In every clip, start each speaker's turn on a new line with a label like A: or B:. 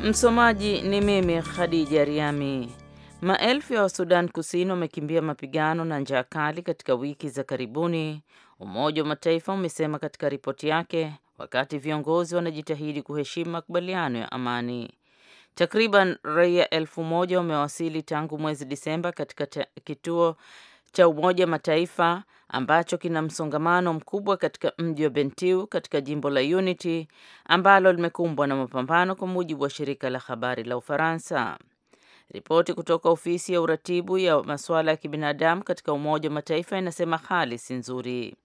A: Msomaji ni mimi Khadija Riami. Maelfu ya Wasudan Kusini wamekimbia mapigano na njaa kali katika wiki za karibuni, Umoja wa Mataifa umesema katika ripoti yake, wakati viongozi wanajitahidi kuheshimu makubaliano ya amani. Takriban raia elfu moja wamewasili tangu mwezi Disemba katika kituo cha Umoja Mataifa ambacho kina msongamano mkubwa katika mji wa Bentiu katika jimbo la Unity ambalo limekumbwa na mapambano, kwa mujibu wa shirika la habari la Ufaransa. Ripoti kutoka ofisi ya uratibu ya masuala ya kibinadamu katika Umoja wa Mataifa inasema hali si nzuri.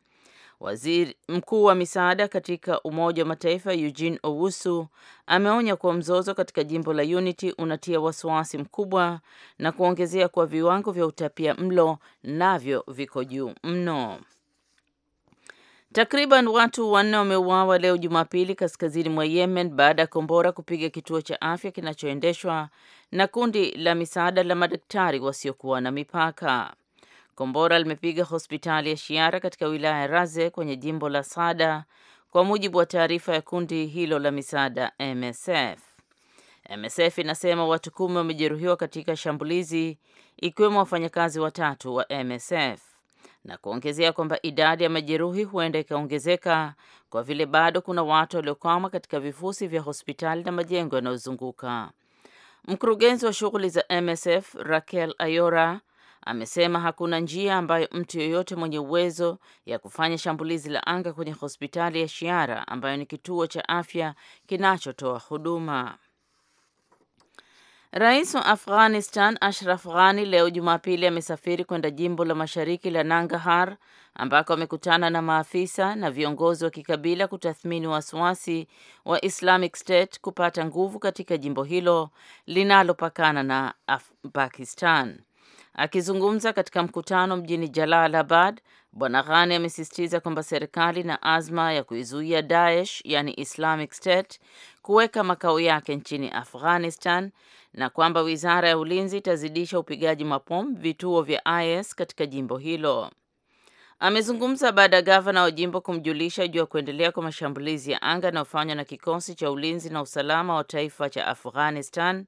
A: Waziri mkuu wa misaada katika Umoja wa Mataifa Eugene Owusu ameonya kuwa mzozo katika jimbo la Unity unatia wasiwasi mkubwa na kuongezea kuwa viwango vya utapia mlo navyo viko juu mno. Takriban watu wanne wameuawa leo Jumapili kaskazini mwa Yemen baada ya kombora kupiga kituo cha afya kinachoendeshwa na kundi la misaada la madaktari wasiokuwa na mipaka. Kombora limepiga hospitali ya Shiara katika wilaya ya Raze kwenye jimbo la Sada, kwa mujibu wa taarifa ya kundi hilo la misaada MSF. MSF inasema watu kumi wamejeruhiwa katika shambulizi ikiwemo wafanyakazi watatu wa MSF na kuongezea kwamba idadi ya majeruhi huenda ikaongezeka kwa vile bado kuna watu waliokwama katika vifusi vya hospitali na majengo yanayozunguka. Mkurugenzi wa shughuli za MSF Raquel Ayora amesema hakuna njia ambayo mtu yoyote mwenye uwezo ya kufanya shambulizi la anga kwenye hospitali ya Shiara ambayo ni kituo cha afya kinachotoa huduma. Rais wa Afghanistan Ashraf Ghani leo Jumapili amesafiri kwenda jimbo la mashariki la nangahar ambako amekutana na maafisa na viongozi wa kikabila kutathmini wasiwasi wa Islamic State kupata nguvu katika jimbo hilo linalopakana na Af Pakistan. Akizungumza katika mkutano mjini Jalalabad, Bwana Ghani amesisitiza kwamba serikali na azma ya kuizuia Daesh yani Islamic State kuweka makao yake nchini Afghanistan na kwamba wizara ya ulinzi itazidisha upigaji mabomu vituo vya IS katika jimbo hilo. Amezungumza baada ya gavana wa jimbo kumjulisha juu ya kuendelea kwa mashambulizi ya anga yanayofanywa na kikosi cha ulinzi na usalama wa taifa cha Afghanistan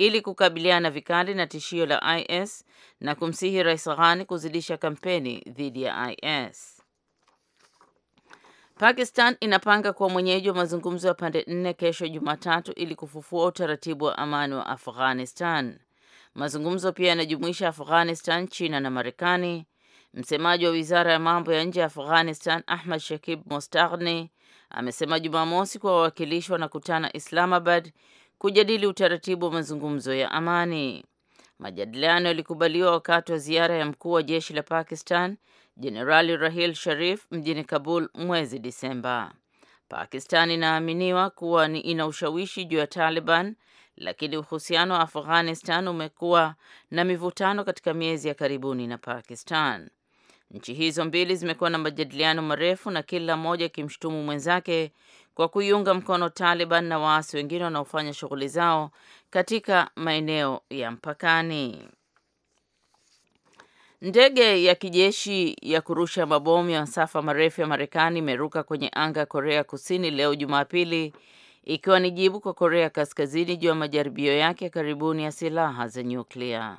A: ili kukabiliana vikali na tishio la IS na kumsihi Rais Ghani kuzidisha kampeni dhidi ya IS. Pakistan inapanga kuwa mwenyeji wa mazungumzo ya pande nne kesho Jumatatu ili kufufua utaratibu wa amani wa Afghanistan. Mazungumzo pia yanajumuisha Afghanistan, China na Marekani. Msemaji wa wizara ya mambo ya nje ya Afghanistan, Ahmad Shakib Mostaghni, amesema Jumamosi kuwa wawakilishi wanakutana Islamabad kujadili utaratibu wa mazungumzo ya amani. Majadiliano yalikubaliwa wakati wa ziara ya mkuu wa jeshi la Pakistan Jenerali Rahil Sharif mjini Kabul mwezi Disemba. Pakistan inaaminiwa kuwa ni ina ushawishi juu ya Taliban, lakini uhusiano wa Afghanistan umekuwa na mivutano katika miezi ya karibuni na Pakistan. Nchi hizo mbili zimekuwa na majadiliano marefu na kila moja ikimshutumu mwenzake kwa kuiunga mkono Taliban na waasi wengine wanaofanya shughuli zao katika maeneo ya mpakani. Ndege ya kijeshi ya kurusha mabomu ya masafa marefu ya Marekani imeruka kwenye anga ya Korea Kusini leo Jumapili, ikiwa ni jibu kwa Korea Kaskazini juu ya majaribio yake ya karibuni ya silaha za nyuklia.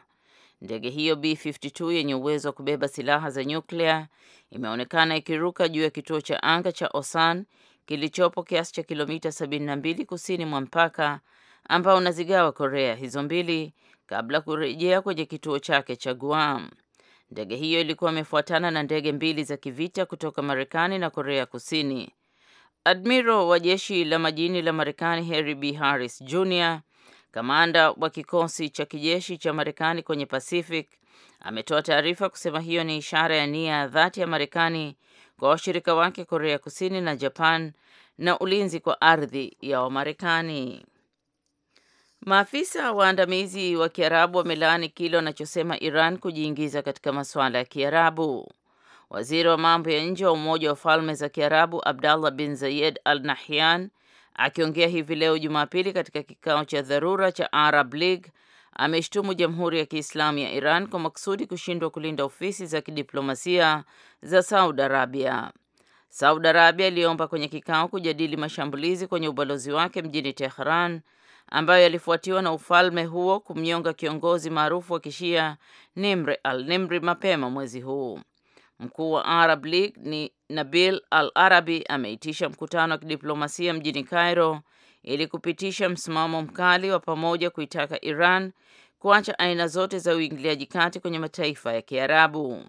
A: Ndege hiyo B52 yenye uwezo wa kubeba silaha za nyuklia imeonekana ikiruka juu ya kituo cha anga cha Osan kilichopo kiasi cha kilomita 72 kusini mwa mpaka ambao unazigawa Korea hizo mbili kabla kurejea kwenye kituo chake cha Guam. Ndege hiyo ilikuwa imefuatana na ndege mbili za kivita kutoka Marekani na Korea Kusini. Admiro wa jeshi la majini la Marekani Harry B. Harris Jr, kamanda wa kikosi cha kijeshi cha Marekani kwenye Pacific, ametoa taarifa kusema hiyo ni ishara ya nia ya dhati ya Marekani kwa washirika wake Korea Kusini na Japan na ulinzi kwa ardhi ya Wamarekani. Maafisa waandamizi wa Kiarabu wamelaani kile wanachosema Iran kujiingiza katika masuala ya Kiarabu. Waziri wa mambo ya nje wa Umoja wa Falme za Kiarabu Abdallah bin Zayed Al Nahyan akiongea hivi leo Jumapili katika kikao cha dharura cha Arab League ameshtumu Jamhuri ya Kiislamu ya Iran kwa makusudi kushindwa kulinda ofisi za kidiplomasia za Saudi Arabia. Saudi Arabia iliomba kwenye kikao kujadili mashambulizi kwenye ubalozi wake mjini Tehran ambayo yalifuatiwa na ufalme huo kumnyonga kiongozi maarufu wa Kishia nimre al nimri mapema mwezi huu. Mkuu wa Arab League ni Nabil Al Arabi ameitisha mkutano wa kidiplomasia mjini Cairo ili kupitisha msimamo mkali wa pamoja kuitaka Iran kuacha aina zote za uingiliaji kati kwenye mataifa ya Kiarabu.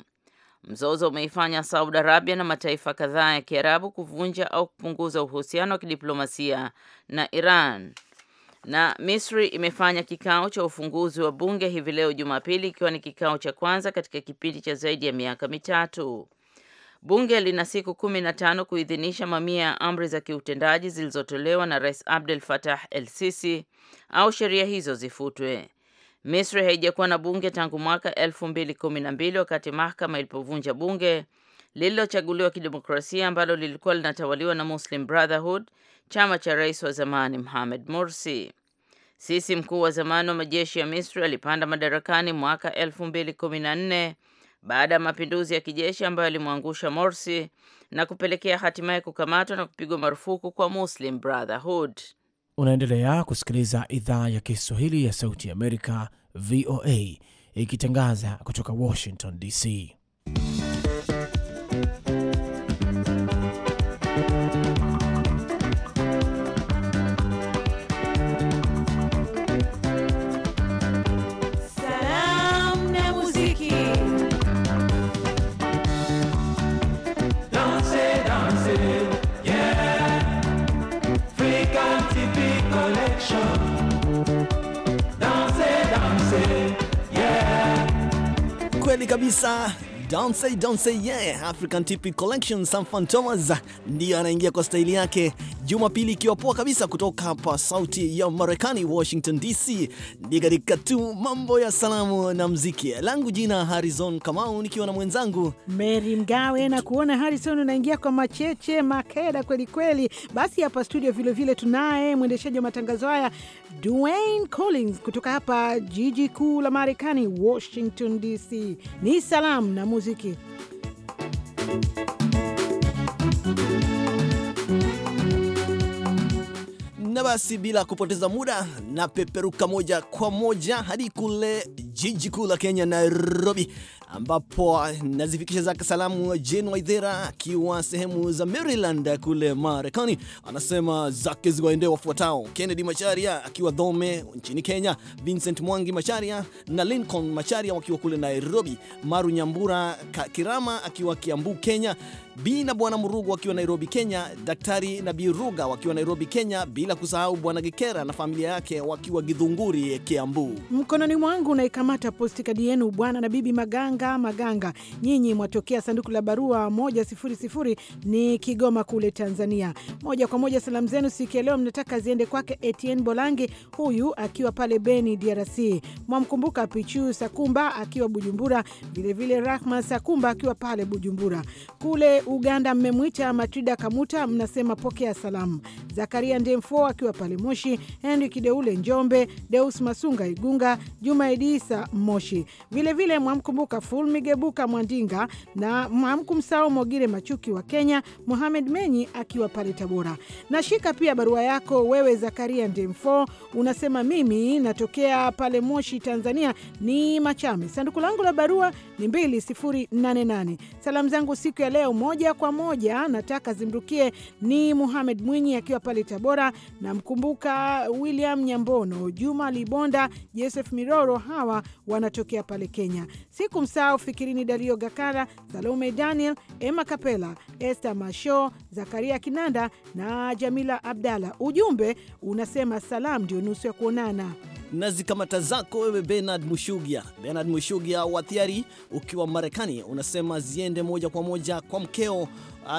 A: Mzozo umeifanya Saudi Arabia na mataifa kadhaa ya Kiarabu kuvunja au kupunguza uhusiano wa kidiplomasia na Iran. Na Misri imefanya kikao cha ufunguzi wa bunge hivi leo Jumapili, ikiwa ni kikao cha kwanza katika kipindi cha zaidi ya miaka mitatu. Bunge lina siku kumi na tano kuidhinisha mamia ya amri za kiutendaji zilizotolewa na Rais Abdel Fattah El Sisi au sheria hizo zifutwe. Misri haijakuwa na bunge tangu mwaka 2012 wakati mahakama ilipovunja bunge lililochaguliwa kidemokrasia ambalo lilikuwa linatawaliwa na Muslim Brotherhood, chama cha rais wa zamani Mohamed Morsi. Sisi, mkuu wa zamani wa majeshi ya Misri, alipanda madarakani mwaka 2014 baada ya mapinduzi ya kijeshi ambayo yalimwangusha Morsi na kupelekea hatimaye kukamatwa na kupigwa marufuku kwa Muslim Brotherhood.
B: Unaendelea kusikiliza idhaa ya Kiswahili ya Sauti ya Amerika, VOA, ikitangaza kutoka Washington DC.
C: Kweli kabisa. Don't say, yeah. African Tipi Collection Sam Fantomas ndiyo anaingia kwa staili yake Jumapili ikiwa poa kabisa kutoka hapa Sauti ya Marekani, Washington DC. Ni katika tu
D: mambo ya salamu na mziki, langu jina Harrison Kamau, nikiwa na mwenzangu Mary Mgawe na kuona Harrison unaingia kwa macheche makeda kweli kweli. Basi hapa studio vilevile vile tunaye mwendeshaji wa matangazo haya Dwayne Collins kutoka hapa jiji kuu la Marekani, Washington DC. Ni salamu na muziki.
C: Na basi bila kupoteza muda, na peperuka moja kwa moja hadi kule jiji kuu la Kenya, Nairobi, ambapo nazifikisha zake salamu Jane Waithera akiwa sehemu za Maryland kule Marekani. Anasema zake ziwaendee wafuatao: Kennedy Macharia akiwa Dhome nchini Kenya, Vincent Mwangi Macharia na Lincoln Macharia wakiwa kule Nairobi, Maru Nyambura Kirama akiwa Kiambu, Kenya, Bi na Bwana Murugu wakiwa Nairobi, Kenya, Daktari na Bi Ruga wakiwa Nairobi, Kenya, bila kusahau Bwana Gikera na familia yake wakiwa gidhunguri Kiambu.
D: Mkononi mwangu naikamata posti kadi yenu Bwana na Bibi Maganga Maganga, nyinyi mwatokea sanduku la barua 100 ni Kigoma kule Tanzania. Moja kwa moja salamu zenu siku ya leo mnataka ziende kwake Etienne Bolangi, huyu akiwa pale Beni, DRC. Mwamkumbuka Pichu Sakumba akiwa Bujumbura, vilevile Rahma Sakumba akiwa pale Bujumbura kule Uganda mmemwita Matrida Kamuta, mnasema pokea salamu. Zakaria Ndemfo akiwa pale Moshi, Henri Kideule Njombe, Deus Masunga Igunga, Juma Idisa Moshi. Vilevile mwamkumbuka ful migebuka Mwandinga na mwamkumsao Mogire Machuki wa Kenya, muhamed Menyi akiwa pale Tabora. Nashika pia barua yako wewe Zakaria Ndemfo, unasema mimi natokea pale Moshi, Tanzania, ni Machame. Sanduku langu la barua 2088. Salamu zangu siku ya leo moja kwa moja nataka zimrukie ni Muhamed Mwinyi akiwa pale Tabora, namkumbuka William Nyambono, Juma Libonda, Joseph Miroro, hawa wanatokea pale Kenya. siku Sikumsahau Fikirini Dario Gakara, Salome Daniel, Emma Kapela, Esther Masho, Zakaria Kinanda na Jamila Abdalla. Ujumbe unasema salam ndio nusu ya kuonana
C: na zikamata zako wewe Bernard Mushugia. Bernard Mushugia wa Thiari, ukiwa Marekani, unasema ziende moja kwa moja kwa mkeo uh,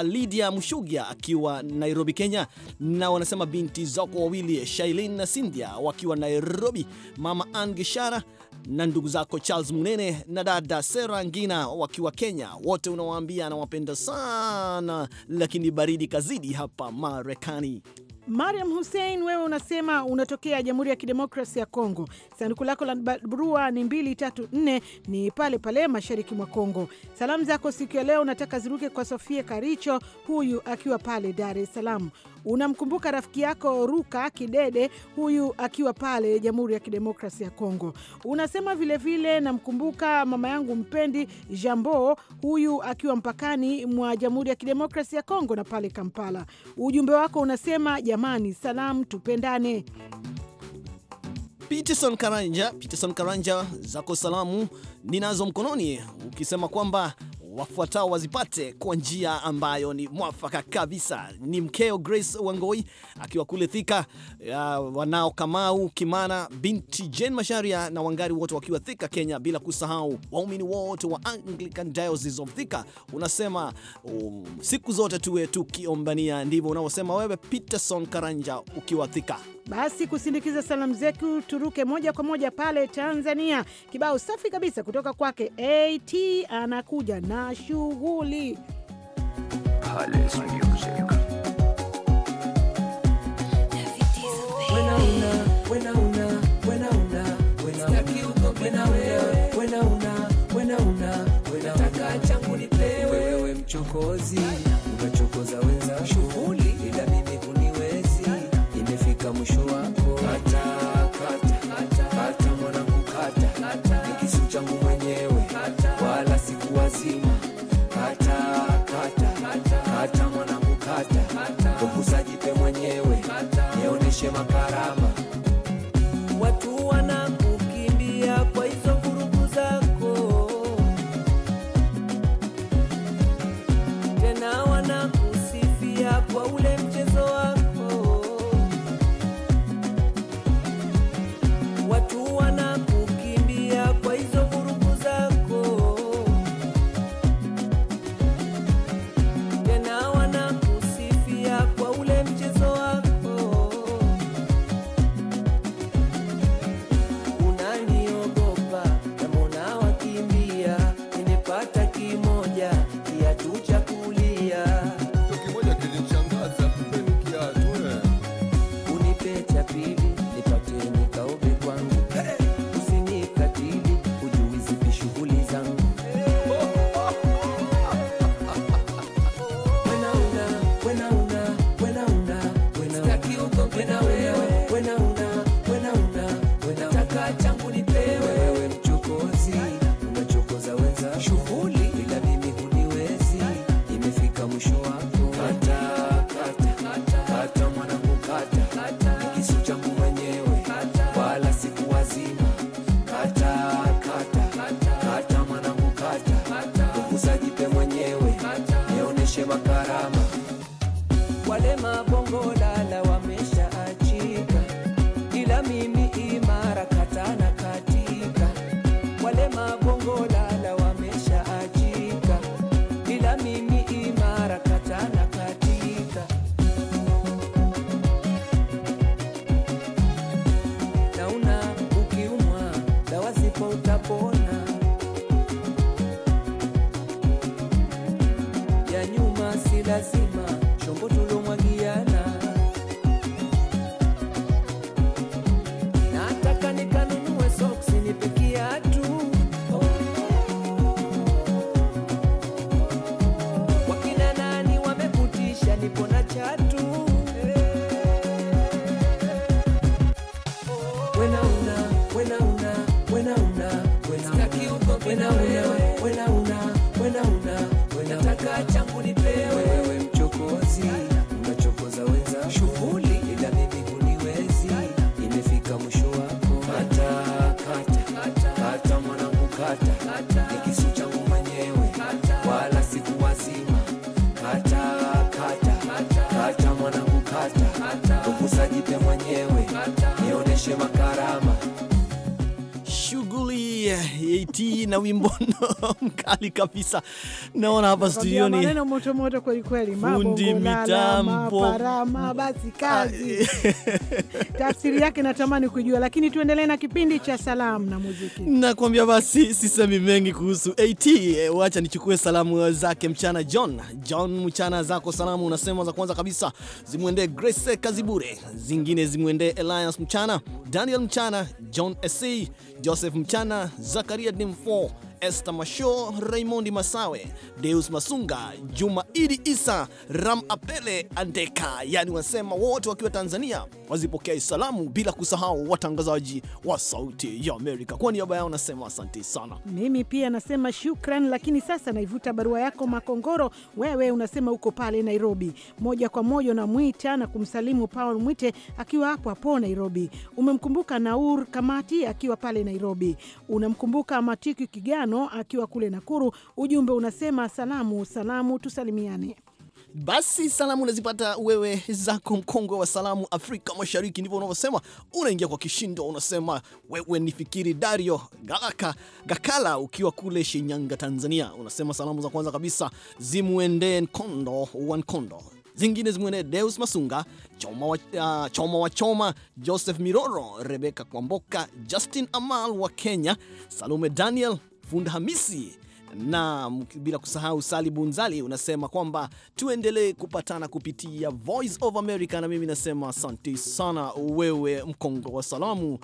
C: Lydia Mushugia akiwa Nairobi, Kenya, na wanasema binti zako wawili Shailin na Cynthia wakiwa Nairobi, mama Ann Gishara na ndugu zako Charles Munene na dada Sera Ngina wakiwa Kenya. Wote unawaambia anawapenda sana, lakini baridi kazidi hapa Marekani.
D: Mariam Hussein, wewe unasema unatokea Jamhuri ya Kidemokrasi ya Kongo. Sanduku lako la barua ni 234 ni pale pale mashariki mwa Kongo. Salamu zako siku ya leo unataka ziruke kwa Sofia Karicho, huyu akiwa pale Dar es Salaam. Unamkumbuka rafiki yako Ruka Kidede, huyu akiwa pale Jamhuri ya Kidemokrasi ya Kongo. Unasema vilevile, namkumbuka mama yangu mpendi Jambo, huyu akiwa mpakani mwa Jamhuri ya Kidemokrasi ya Kongo na pale Kampala. Ujumbe wako unasema, jamani, salamu tupendane.
C: Peterson Karanja, Peterson Karanja, zako salamu ninazo mkononi ukisema kwamba wafuatao wazipate kwa njia ambayo ni mwafaka kabisa. Ni mkeo Grace Wangoi akiwa kule Thika, uh, wanao Kamau Kimana, binti Jane Masharia na Wangari, wote wakiwa Thika, Kenya, bila kusahau waumini wote wa Anglican Diocese of Thika. Unasema um, siku zote tuwe tukiombania, ndivyo unavyosema wewe Peterson Karanja ukiwa Thika.
D: Basi kusindikiza salamu zetu turuke moja kwa moja pale Tanzania, kibao safi kabisa kutoka kwake AT anakuja na na shughuli.
E: Nataka changu nipewe wewe mchokozi uma cara caramba.
C: AT na wimbo mkali kabisa. Naona hapa studioni maneno
D: moto moto kweli kweli, fundi mitambo basi kazi tafsiri yake natamani kujua, lakini tuendelee na kipindi cha salamu na muziki.
C: Nakwambia basi, sisemi mengi kuhusu AT, eh, wacha nichukue salamu zake mchana. John John, mchana zako salamu unasema za kwanza kabisa zimwendee Grace Kazibure, zingine zimwendee Elias mchana, Daniel mchana, John SC, Joseph mchana, Zakaria Dimfo Esther Masho, Raymond Masawe, Deus Masunga, Juma Idi Isa, Ram Apele Andeka, yani wasema wote wakiwa Tanzania wazipokea salamu, bila kusahau watangazaji wa Sauti ya Amerika. Kwa niaba yao nasema asante sana.
D: Mimi pia nasema shukran, lakini sasa naivuta barua yako Makongoro. Wewe unasema uko pale Nairobi moja kwa moja, unamwita na kumsalimu Paul Mwite akiwa hapo hapo Nairobi. Umemkumbuka Naur Kamati akiwa pale Nairobi, unamkumbuka Matiki Kigano Mkono akiwa kule Nakuru. Ujumbe unasema salamu salamu, tusalimiane.
C: Basi salamu unazipata wewe zako, mkongwe wa salamu Afrika Mashariki, ndivyo unavyosema. Unaingia kwa kishindo, unasema wewe ni fikiri Dario Galaka Gakala, ukiwa kule Shinyanga, Tanzania. Unasema salamu za kwanza kabisa zimwendee Nkondo wa Nkondo, zingine zimwendee Deus Masunga Choma wa, uh, Choma wa Choma, Joseph Miroro, Rebeka Kwamboka, Justin Amal wa Kenya, Salome Daniel Funda Hamisi na bila kusahau Sali Bunzali, unasema kwamba tuendelee kupatana kupitia Voice of America, na mimi nasema asante sana wewe mkongo wa salamu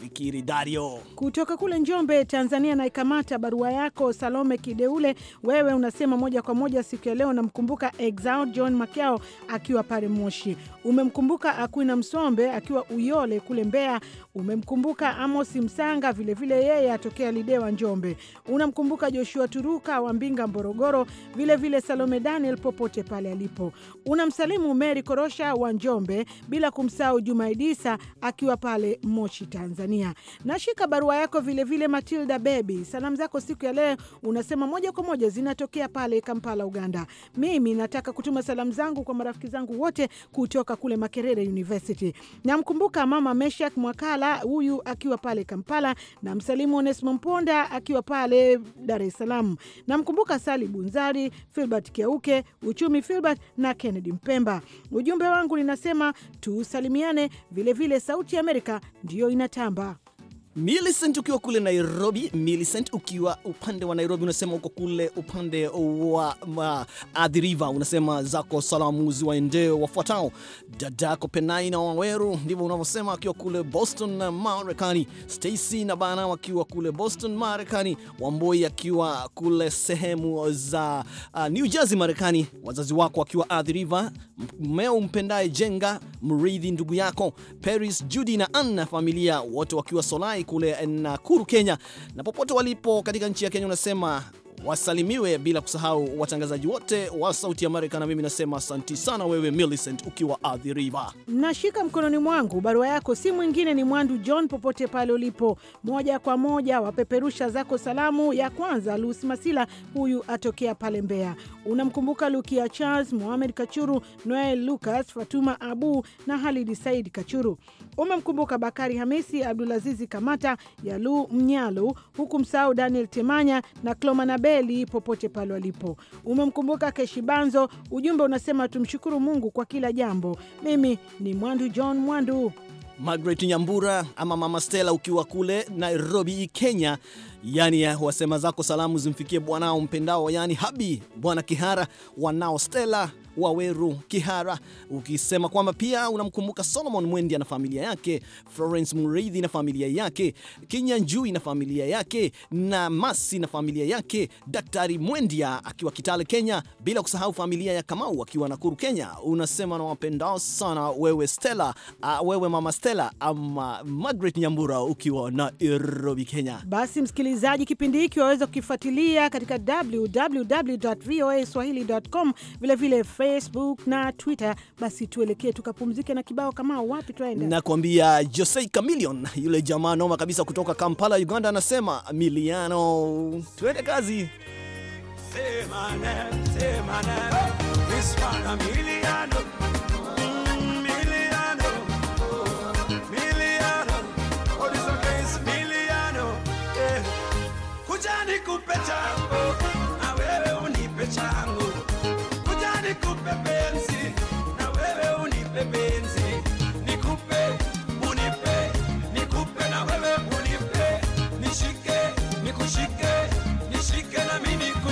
C: Fikiri Dario
D: kutoka kule Njombe, Tanzania. Naikamata barua yako Salome Kideule, wewe unasema moja kwa moja siku ya leo namkumbuka Exaud John Makao akiwa pale Moshi, umemkumbuka Akwina Msombe akiwa Uyole kule Mbeya, umemkumbuka Amos Msanga vilevile vile yeye atokea Lidewa Njombe, unamkumbuka Joshua Turuka wa Mbinga Morogoro, vilevile Salome Daniel popote pale alipo, unamsalimu Meri Korosha wa Njombe, bila kumsahau Jumaidisa akiwa pale Moshi Tanzania. Tanzania. Nashika barua yako vilevile vile Matilda Bebi, salamu zako siku ya leo unasema moja kwa moja zinatokea pale Kampala, Uganda. Mimi nataka kutuma salamu zangu kwa marafiki zangu wote kutoka kule Makerere University. Namkumbuka mama Meshak Mwakala, huyu akiwa pale Kampala, na msalimu Onesmo Mponda akiwa pale Dar es Salaam. Namkumbuka Sali Bunzari, Filbert Kiauke, Uchumi Filbert na Kennedy Mpemba. Ujumbe wangu linasema tusalimiane, vilevile Sauti ya Amerika ndiyo inatamba Millicent ukiwa kule
C: Nairobi, Millicent ukiwa upande wa Nairobi, unasema uko kule upande wa Athi River, unasema zako salamu ziwaendeo wafuatao: dadako Penai na Waweru, ndivyo unavyosema, akiwa kule Boston na Marekani, Stacy na Bana wakiwa kule Boston Marekani, Wamboi akiwa kule sehemu za uh, New Jersey Marekani, wazazi wako wakiwa Athi River, mmeo mpendaye jenga mridhi, ndugu yako Paris, Judy na Anna familia wote wakiwa Solai Masai kule Nakuru, Kenya, na popote walipo katika nchi ya Kenya, unasema wasalimiwe, bila kusahau watangazaji wote wa Sauti ya Amerika. Na mimi nasema asanti sana wewe Millicent ukiwa Athi River.
D: Nashika mkononi mwangu barua yako, si mwingine ni Mwandu John, popote pale ulipo, moja kwa moja wapeperusha zako salamu. Ya kwanza Lusi Masila, huyu atokea pale Mbeya. Unamkumbuka Lukia Charles, Muhamed Kachuru, Noel Lucas, Fatuma Abu na Halidi Said Kachuru. Umemkumbuka Bakari Hamisi, Abdulazizi Kamata, Yalu Mnyalu, huku msahau Daniel Temanya na Clomanabe Beli popote pale walipo. Umemkumbuka Keshibanzo, ujumbe unasema tumshukuru Mungu kwa kila jambo. Mimi ni Mwandu John Mwandu.
C: Margaret Nyambura ama Mama Stella ukiwa kule Nairobi, Kenya, yani ya eh, wasema zako salamu zimfikie bwanao mpendao, yani Habi bwana Kihara, wanao Stella Waweru Kihara, ukisema kwamba pia unamkumbuka Solomon Mwendia na familia yake, Florence Mureithi na familia yake, Kenya Njui na familia yake, na Masi na familia yake, Daktari Mwendia akiwa Kitale Kenya, bila kusahau familia ya Kamau akiwa Nakuru Kenya. Unasema na wapendao sana wewe Stella,
D: a ah, wewe mama Stella ama Margaret Nyambura ukiwa Nairobi Kenya. Basi msikilizaji msikilizaji, kipindi hiki waweza kukifuatilia katika www.voaswahili.com, vilevile Facebook na Twitter. Basi tuelekee tukapumzike na kibao kama wapi tunaenda.
C: nakuambia Jose Chameleone, yule jamaa noma kabisa kutoka Kampala, Uganda, anasema miliano. Tuende kazi.
D: Semana,
F: semana, oh.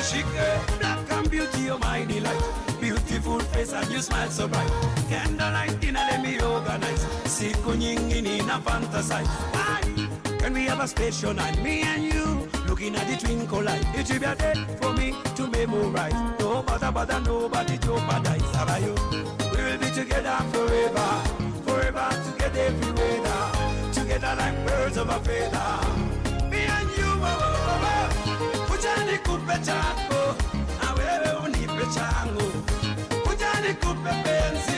F: chic black and beauty, you're my delight. Beautiful face and you smile so bright. Candlelight dinner, let me organize. Siku nyingi nina fantasize. Why? Can we have a special night, me and you? Looking at the twinkle light, it will be a day for me to memorize. No bother, bother, nobody to about you? we will be together forever, forever together every weather, together like birds of a feather. Me and you, oh, oh, oh, kupe chako awewe unipe changu ujani kupe penzi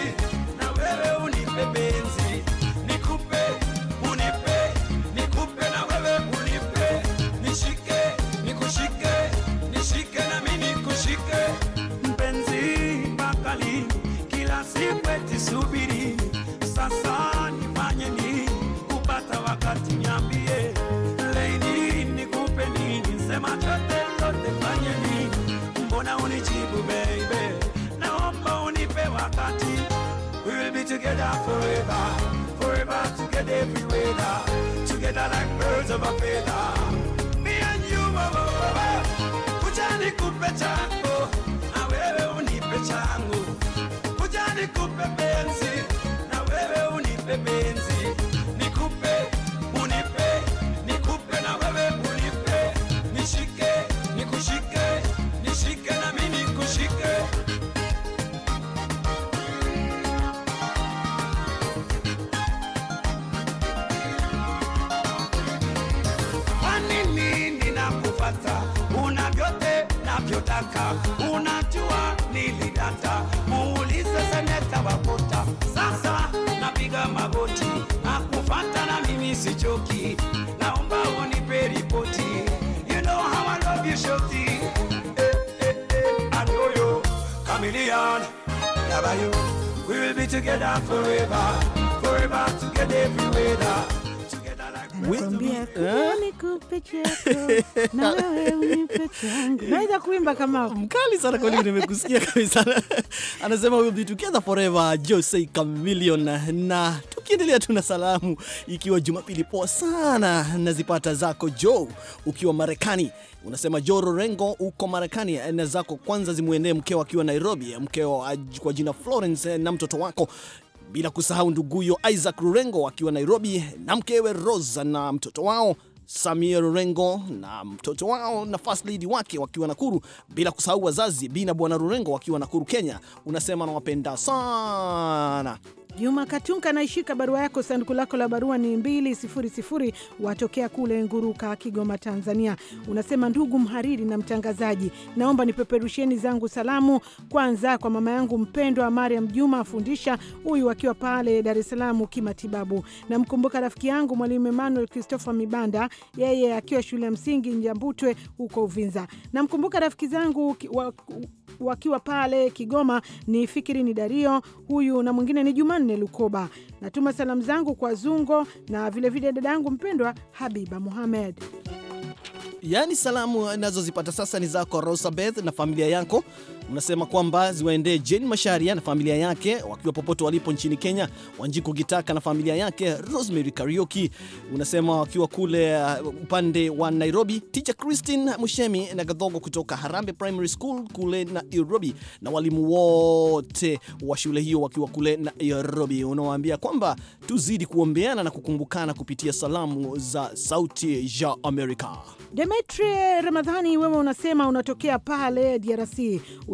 F: nijibu baby, naomba unipe wakati, we will be together forever, forever together every weather, together like birds of a feather. Me and you Baba, oh, wewe, oh, oh, kuja nikupe changu, na wewe unipe changu, kuja nikupe penzi, na wewe unipe penzi. madaraka, unajua nilidata, muulize seneta Wagota. Sasa napiga magoti na kufata, na mimi sichoki, naomba unipe ripoti. You know how I love you shoti, eh, eh, eh, and yo We will be together forever, forever together. Nakwambia
D: na Naweza kuimba kama mkali sana kweli, nimekusikia
C: kabisa. Anasema we'll be together forever, Jose Chameleone. Na tukiendelea, na salamu ikiwa Jumapili poa sana nazipata zako Joe ukiwa Marekani. Unasema jo rorengo uko Marekani na zako kwanza zimwendee mkeo akiwa Nairobi, mkeo kwa jina Florence na mtoto wako bila kusahau nduguyo Isaac Rurengo akiwa Nairobi na mkewe Rosa na mtoto wao Samia Rurengo na mtoto wao na first lady wake wakiwa Nakuru, bila kusahau wazazi Bi na Bwana Rurengo wakiwa Nakuru, Kenya. Unasema nawapenda sana.
D: Juma Katunka anaishika barua yako. Sanduku lako la barua ni sifuri, watokea kule Nguruka, Kigoma, Tanzania. Unasema, ndugu mhariri na mtangazaji, naomba nipeperusheni zangu salamu kwanza kwa mama yangu mpendwa Mariam Juma afundisha huyu akiwa pale Dar es Salaam kimatibabu. Namkumbuka rafiki yangu mwalimu Emmanuel Christopher Mibanda, yeye akiwa shule ya msingi Njambutwe huko Uvinza. Namkumbuka rafiki zangu wa wakiwa pale Kigoma ni Fikiri ni Dario huyu na mwingine ni Jumanne Lukoba. Natuma salamu zangu kwa Zungo na vilevile dada yangu mpendwa Habiba Muhamed.
C: Yaani salamu nazozipata sasa ni zako Rosabeth na familia yako unasema kwamba ziwaendee Jane Masharia na familia yake wakiwa popote walipo nchini Kenya, Wanjiku Gitaka na familia yake, Rosemary karioki unasema wakiwa kule uh, upande wa Nairobi, Teacher Christine Mushemi na Gadhogo kutoka Harambe Primary School kule Nairobi, na walimu wote wa shule hiyo wakiwa kule Nairobi. Unawaambia kwamba tuzidi kuombeana na kukumbukana kupitia salamu za Sauti ya Amerika.
D: Demetri Ramadhani, wewe unasema unatokea pale DRC.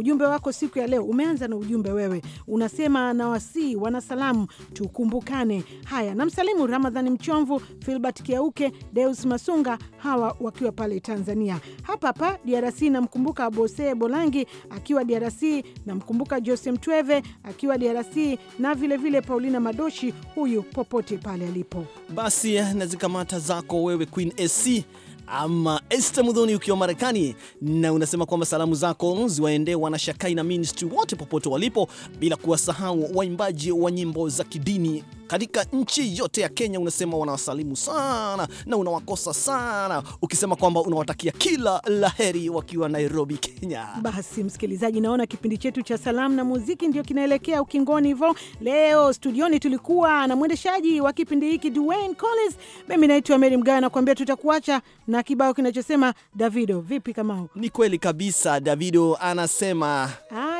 D: Ujumbe wako siku ya leo umeanza na ujumbe wewe, unasema nawasii wanasalamu, tukumbukane haya. Namsalimu Ramadhani Mchomvu, Filbert Kiauke, Deus Masunga, hawa wakiwa pale Tanzania. Hapa hapa DRC namkumbuka Bose Bolangi akiwa DRC, namkumbuka Jose Mtweve akiwa DRC na vilevile vile Paulina Madoshi, huyu popote pale alipo.
C: Basi eh, na zikamata zako wewe Queen AC ama Esther Mudhoni ukiwa Marekani, na unasema kwamba salamu zako ziwaendee shakai na ministry wote popote walipo, bila kuwasahau waimbaji wa nyimbo za kidini katika nchi yote ya Kenya unasema wanawasalimu sana na unawakosa sana, ukisema kwamba unawatakia kila laheri wakiwa Nairobi,
D: Kenya. Basi msikilizaji, naona kipindi chetu cha salamu na muziki ndio kinaelekea ukingoni. Hivyo leo studioni tulikuwa na mwendeshaji wa kipindi hiki Dwayne Collins, mimi naitwa Mary Mgawe na tutakuacha na kibao kinachosema Davido.
C: Vipi kama ni kweli kabisa, Davido anasema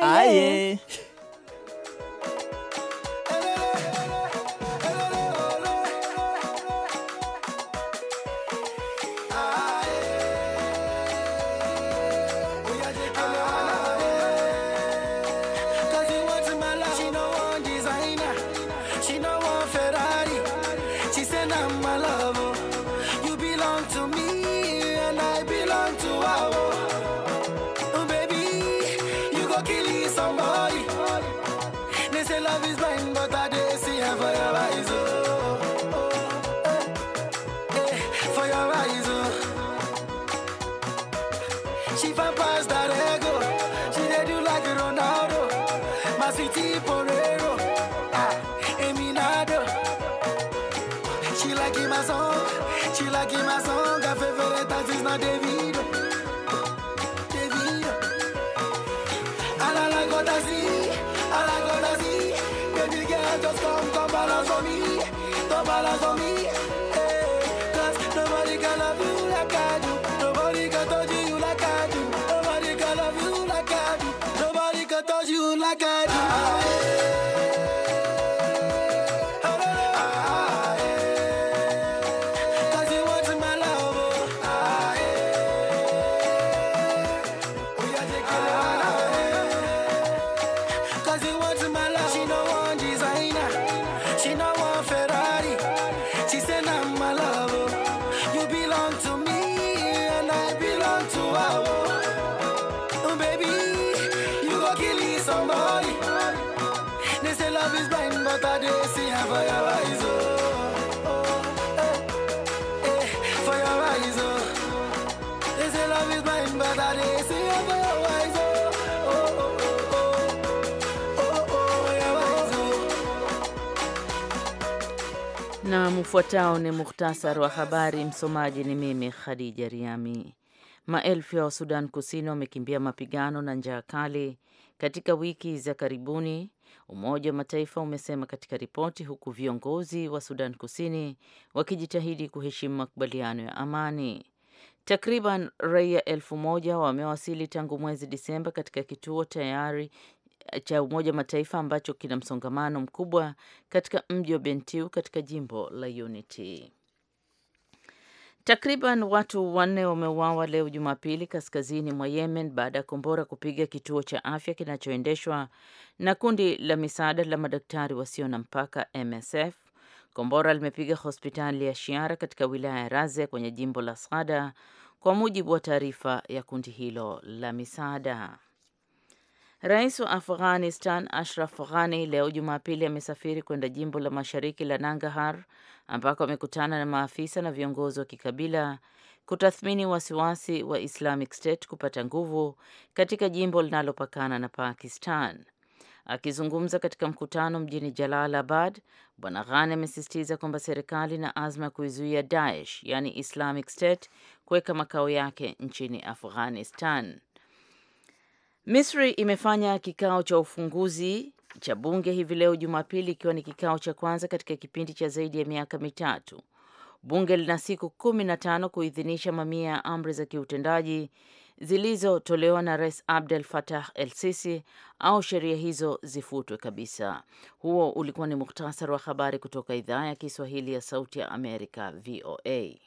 C: aye, aye.
G: là qui m'a son café fait les taxis dans des vides. Des vides. À la la gotasi, à la gotasi. Baby girl, just come, come balance on me. Come balance on me. Eh. nobody can love you like I do. Nobody can touch you like I do. Nobody can love you like I do. Nobody can touch you like I do.
A: Na mfuatao ni muhtasari wa habari. Msomaji ni mimi Khadija Riami. Maelfu ya Wasudan Kusini wamekimbia mapigano na njaa kali katika wiki za karibuni Umoja wa Mataifa umesema katika ripoti, huku viongozi wa Sudan Kusini wakijitahidi kuheshimu makubaliano ya amani. Takriban raia elfu moja wamewasili tangu mwezi Disemba katika kituo tayari eh, cha Umoja Mataifa ambacho kina msongamano mkubwa katika mji wa Bentiu katika jimbo la Unity. Takriban watu wanne wameuawa leo Jumapili kaskazini mwa Yemen baada ya kombora kupiga kituo cha afya kinachoendeshwa na kundi la misaada la madaktari wasio na mpaka MSF. Kombora limepiga hospitali ya Shiara katika wilaya ya Raze kwenye jimbo la Sada, kwa mujibu wa taarifa ya kundi hilo la misaada. Rais wa Afghanistan Ashraf Ghani leo Jumapili amesafiri kwenda jimbo la mashariki la nangahar ambako amekutana na maafisa na viongozi wa kikabila kutathmini wasiwasi wa Islamic State kupata nguvu katika jimbo linalopakana na Pakistan. Akizungumza katika mkutano mjini Jalalabad, Bwana Ghani amesisitiza kwamba serikali na azma ya kuizuia Daesh, yaani Islamic State, kuweka makao yake nchini Afghanistan. Misri imefanya kikao cha ufunguzi cha bunge hivi leo Jumapili, ikiwa ni kikao cha kwanza katika kipindi cha zaidi ya miaka mitatu. Bunge lina siku kumi na tano kuidhinisha mamia ya amri za kiutendaji zilizotolewa na Rais Abdel Fattah El Sisi au sheria hizo zifutwe kabisa. Huo ulikuwa ni muhtasari wa habari kutoka idhaa ya Kiswahili ya Sauti ya Amerika, VOA.